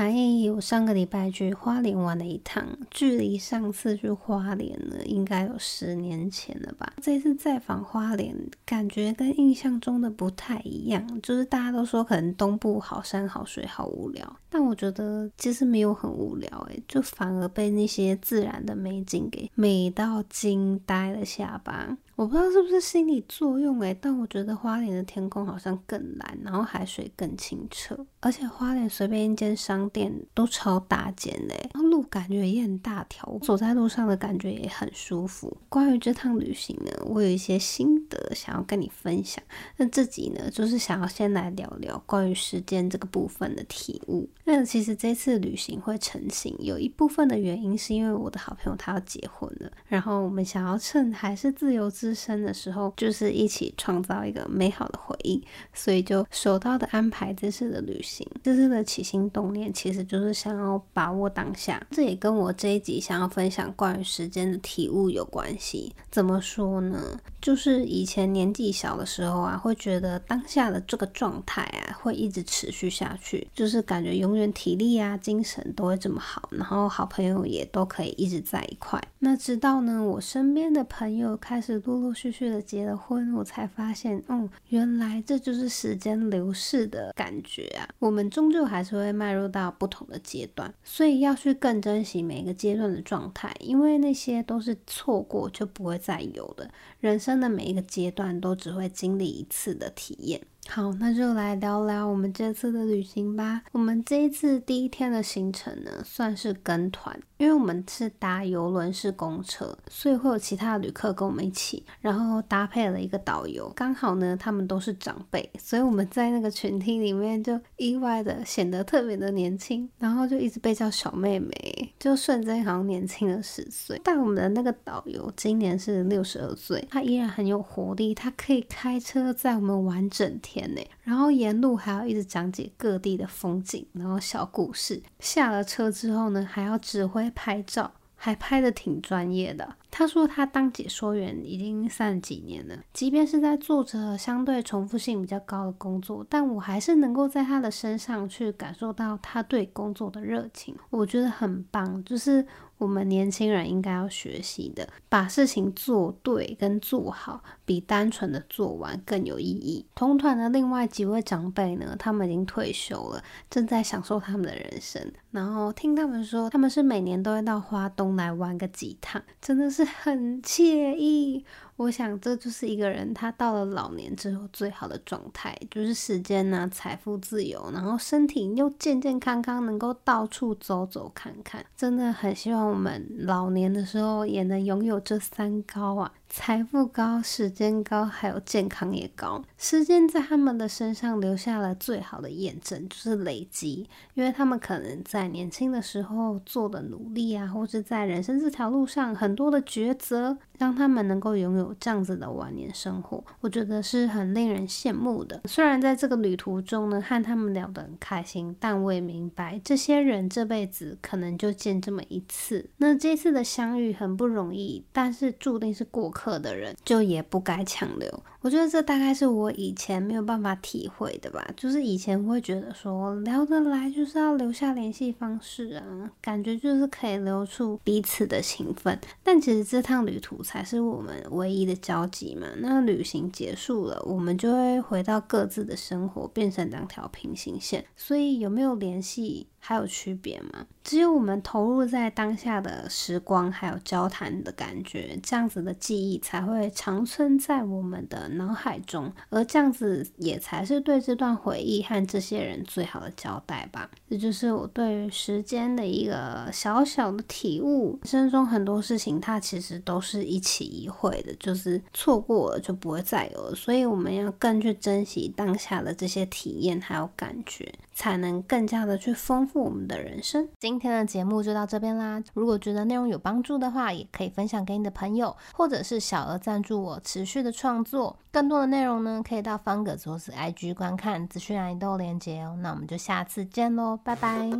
還有上個禮拜去花蓮玩了一趟，距離上次去花蓮了應該有十年前了吧？這次再訪花蓮，感覺跟印象中的不太一樣。就是大家都說可能東部好山好水好無聊，但我覺得其實沒有很無聊哎、欸，就反而被那些自然的美景給美到驚呆了下巴。我不知道是不是心理作用哎、欸，但我覺得花蓮的天空好像更藍，然後海水更清澈，而且花蓮隨便一間商店都超大間嘞、欸，然後路感覺也很大條，走在路上的感覺也很舒服。關於這趟旅行呢，我有一些心得想要跟你分享。那這集呢，就是想要先來聊聊關於時間這個部分的體悟。那其實這次旅行會成型，有一部分的原因是因為我的好朋友他要結婚了，然後我們想要趁還是自由之生的時候，就是一起創造一個美好的回憶，所以就手到的安排這次的旅行，這次的起心動念其實就是想要把握當下。這也跟我這一集想要分享關於時間的體悟有關係。怎麼說呢？就是以前年紀小的時候啊，會覺得當下的這個狀態啊會一直持續下去，就是感覺永遠體力啊、精神都會這麼好，然後好朋友也都可以一直在一塊。那直到呢，我身邊的朋友開始都陸陸續續的結了婚，我才發現，嗯，原來這就是時間流逝的感覺啊。我們終究還是會邁入到不同的階段，所以要去更珍惜每一個階段的狀態，因為那些都是錯過就不會再有的。人生的每一個階段都只會經歷一次的體驗。好，那就來聊聊我們這次的旅行吧。我們這一次第一天的行程呢，算是跟團，因為我們是搭郵輪式公車，所以會有其他的旅客跟我們一起，然後搭配了一個導遊。剛好呢，他們都是長輩，所以我們在那個群體裡面就意外的顯得特別的年輕，然後就一直被叫小妹妹，就瞬間好像年輕了十歲。但我們的那個導遊今年是六十二歲，他依然很有活力，他可以開車載我們玩整天。然後沿路還要一直講解各地的風景，然後小故事。下了車之後呢，還要指揮拍照，還拍得挺專業的。他說他當解說員已經三十幾年了，即便是在做着相對重複性比較高的工作，但我還是能夠在他的身上去感受到他對工作的熱情，我覺得很棒，就是我們年輕人應該要學習的，把事情做對跟做好，比單純的做完更有意義。同團的另外幾位長輩呢，他們已經退休了，正在享受他們的人生。然後聽他們說，他們是每年都會到花東來玩個幾趟，真的是。很愜意。我想這就是一個人他到了老年之後最好的狀態，就是時間吶、啊，財富自由，然後身體又健健康康，能夠到處走走看看。真的很希望我們老年的時候也能擁有這三高啊，財富高、時間高，還有健康也高。時間在他們的身上留下了最好的驗證，就是累積，因為他們可能在年輕的時候做的努力啊，或是在人生這條路上很多的抉擇，讓他們能夠擁有。這樣子的晚年生活，我覺得是很令人羨慕的。雖然在這個旅途中呢，和他們聊得很開心，但我也明白，這些人這輩子可能就見這麼一次。那這次的相遇很不容易，但是注定是過客的人，就也不該強留。我覺得這大概是我以前沒有辦法體會的吧。就是以前會覺得說聊得來就是要留下聯繫方式啊，感覺就是可以留住彼此的情分。但其實這趟旅途才是我們唯一。的交集嘛，那旅行結束了，我們就會回到各自的生活，變成兩條平行線。所以有沒有聯繫？還有區別嗎？只有我們投入在當下的時光，還有交談的感覺，這樣子的記憶才會長存在我們的腦海中，而這樣子也才是對這段回憶和這些人最好的交代吧。這就是我對於時間的一個小小的體悟。人生中很多事情，它其實都是一期一會的，就是錯過了就不會再有了，所以我們要更去珍惜當下的這些體驗還有感覺，才能更加的去豐富，我們的人生，今天的節目就到這邊啦。如果覺得內容有幫助的話，也可以分享給你的朋友，或者是小額贊助我持續的創作。更多的內容呢，可以到方格子 IG 觀看資訊，愛豆連結哦。那我們就下次見嘍，拜拜。